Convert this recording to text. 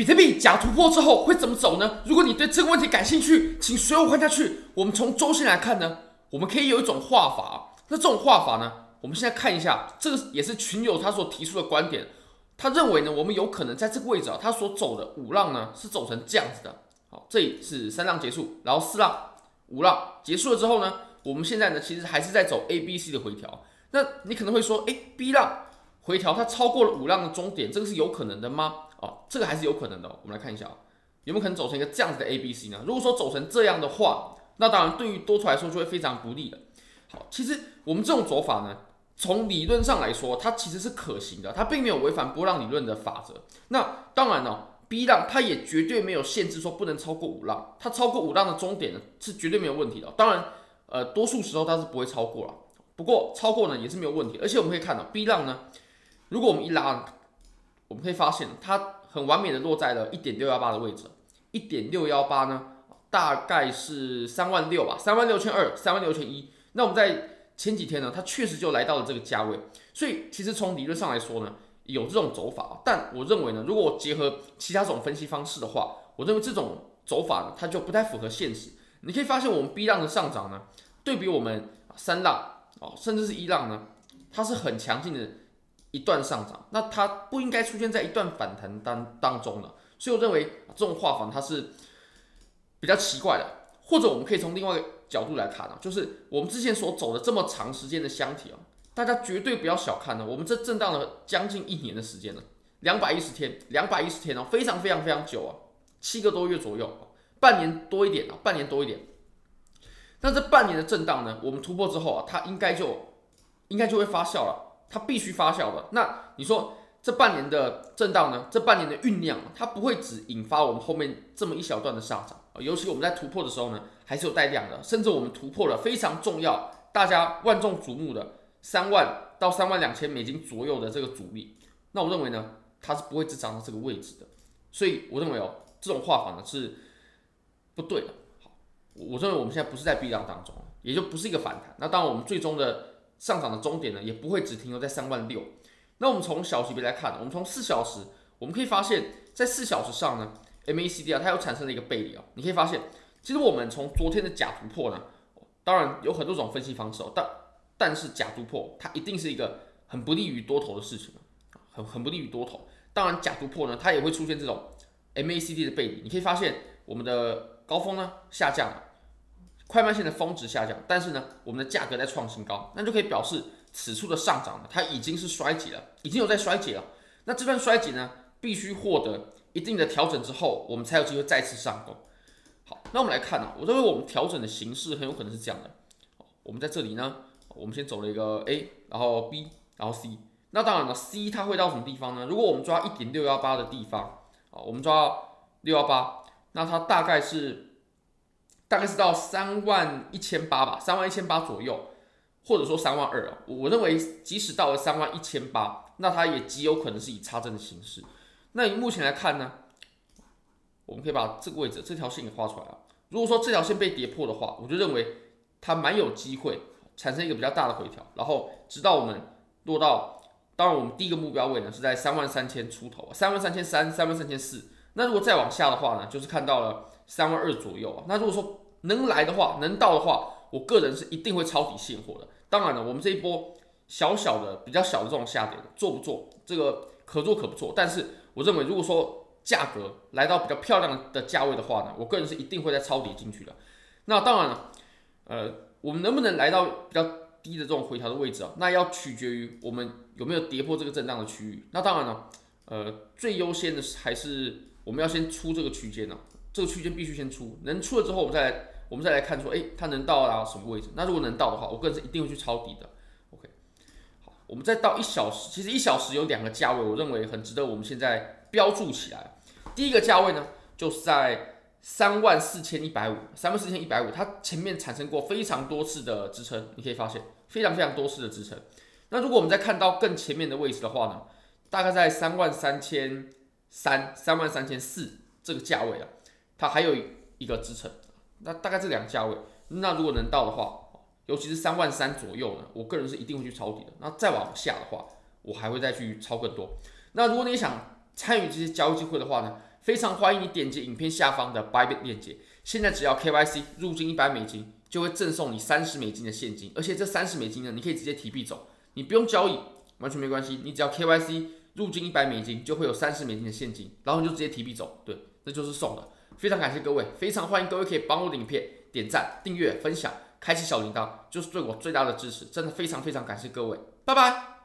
比特幣假突破之後會怎麼走呢？如果你對這個問題感興趣，請隨我看下去。我們從週線來看呢，我們可以有一種畫法。那這種畫法呢，我們現在看一下，這個也是群友他所提出的觀點。他認為呢，我們有可能在這個位置啊，他所走的五浪呢是走成這樣子的。好，這裡是三浪結束，然後四浪、五浪結束了之後呢，我們現在呢其實還是在走 A B C 的回調。那你可能會說，誒、欸、B 浪回調它超過了五浪的終點，這個是有可能的嗎？哦，這個還是有可能的、哦。我們來看一下啊、哦，有沒有可能走成一個這樣子的 A B C 呢？如果說走成這樣的話，那當然對於多頭來說就會非常不利的。好，其實我們這種走法呢，從理論上來說，它其實是可行的，它並沒有違反波浪理論的法則。那當然呢、哦、B 浪它也絕對沒有限制說不能超過五浪，它超過五浪的終點呢是絕對沒有問題的。當然，呃，多數時候它是不會超過啦，不過超過呢也是沒有問題。而且我們可以看到、哦、B 浪呢，如果我們一拉，我們可以發現它。很完美的落在了一點六幺八的位置，一點六幺八呢，大概是三萬六吧，三萬六千二，三萬六千一。那我們在前幾天呢，它確實就來到了這個價位。所以其實從理論上來說呢，有這種走法，但我認為呢，如果我結合其他種分析方式的話，我認為這種走法呢，它就不太符合現實。你可以發現，我們 B 浪的上漲呢，對比我們三浪哦，甚至是一浪呢，它是很強勁的。一段上漲，那它不應該出現在一段反彈當當中了，所以我認為這種畫法它是比較奇怪的。或者我們可以從另外一個角度來看啊，就是我們之前所走的這麼長時間的箱體啊，大家絕對不要小看呢。我們這震盪了將近一年的時間了，兩百一十天，兩百一十天哦，非常非常非常久啊，七個多月左右，半年多一點啊，半年多一點。那這半年的震盪呢，我們突破之後啊，它應該就應該就會發酵了。它必須發酵的。那你說這半年的震盪呢？這半年的醞釀，它不會只引發我們後面這麼一小段的上漲。尤其我們在突破的時候呢，還是有帶量的，甚至我們突破了非常重要、大家萬眾矚目的三萬到三萬兩千美金左右的這個阻力。那我認為呢，它是不會只漲到這個位置的。所以我認為哦，這種畫法呢是不對的。好，我認為我們現在不是在 B 浪當中，也就不是一個反彈。那當然，我們最終的。上漲的終點呢，也不會只停留在三萬六。那我們從小級別來看，我們從四小時，我們可以發現，在四小時上呢，MACD 啊，它又產生了一個背離啊、哦。你可以發現，其實我們從昨天的假突破呢，當然有很多種分析方式哦，但但是假突破它一定是一個很不利於多頭的事情，很很不利於多頭。當然，假突破呢，它也會出現這種 MACD 的背離，你可以發現我們的高峰呢下降了。快慢線的峰值下降，但是呢，我們的價格在創新高，那就可以表示此處的上漲呢，它已經是衰竭了，已經有在衰竭了。那這段衰竭呢，必須獲得一定的調整之後，我們才有機會再次上攻。好，那我們來看呢，啊，我認為我們調整的形式很有可能是這樣的。我們在這裡呢，我們先走了一個 A，然後 B，然後 C。那當然了，C 它會到什麼地方呢？如果我們抓一點六幺八的地方啊，我們抓六幺八，那它大概是。大概是到三萬一千八吧，三萬一千八左右，或者說三萬二啊。我認為即使到了三萬一千八，那它也極有可能是以插針的形式。那以目前來看呢，我們可以把這個位置、這條線給畫出來啊。如果說這條線被跌破的話，我就認為它蠻有機會產生一個比較大的回調，然後直到我們落到，當然我們第一個目標位呢是在三萬三千出頭，三萬三千三、三萬三千四。那如果再往下的話呢，就是看到了三萬二左右啊。那如果說能來的話，能到的話，我個人是一定會抄底現貨的。當然了，我們這一波小小的、比較小的這種下跌，做不做這個可做可不做。但是我認為，如果說價格來到比較漂亮的價位的話呢，我個人是一定會再抄底進去的。那當然了，呃，我們能不能來到比較低的這種回調的位置啊？那要取決於我們有沒有跌破這個震盪的區域。那當然了，呃，最優先的是還是。我們要先出這個區間呢，這個區間必須先出，能出了之後，我們再來我們再來看說，誒，它能到達什麼位置？那如果能到的話，我個人是一定會去抄底的。OK，好，我們再到一小時，其實一小時有兩個價位，我認為很值得我們現在標注起來。第一個價位呢，就是在三萬四千一百五，三萬四千一百五，它前面產生過非常多次的支撐，你可以發現非常非常多次的支撐。那如果我們再看到更前面的位置的話呢，大概在三萬三千。三三萬三千四這個價位啊，它還有一個支撐，那大概這兩個價位，那如果能到的話，尤其是三萬三左右呢，我個人是一定會去抄底的。那再往下的話，我還會再去抄更多。那如果你想參與這些交易機會的話呢，非常歡迎你點擊影片下方的 Bybit 鏈接。現在只要 KYC 入金一百美金，就會贈送你三十美金的現金，而且這三十美金呢，你可以直接提幣走，你不用交易，完全沒關係，你只要 KYC。入金一百美金就會有三十美金的現金，然後你就直接提幣走，對，那就是送的。非常感謝各位，非常歡迎各位可以幫我的影片、點贊、訂閱、分享、開啟小鈴鐺，就是對我最大的支持。真的非常非常感謝各位，拜拜。